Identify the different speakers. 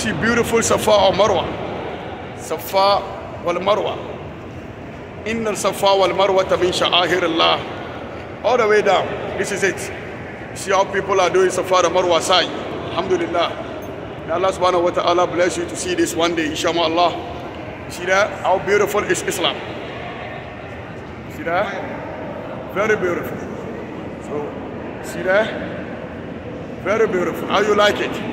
Speaker 1: See beautiful Safa or Marwa. Safa wal Marwa. Inna Safa wal Marwa min sha'ahir Allah. All the way down. This is it. See how people are doing Safa and Marwa side. Alhamdulillah. May Allah subhanahu wa ta'ala bless you to see this one day, insha'Allah. see that? How beautiful is Islam. see that? Very beautiful.
Speaker 2: So, see that? Very beautiful. How you like it?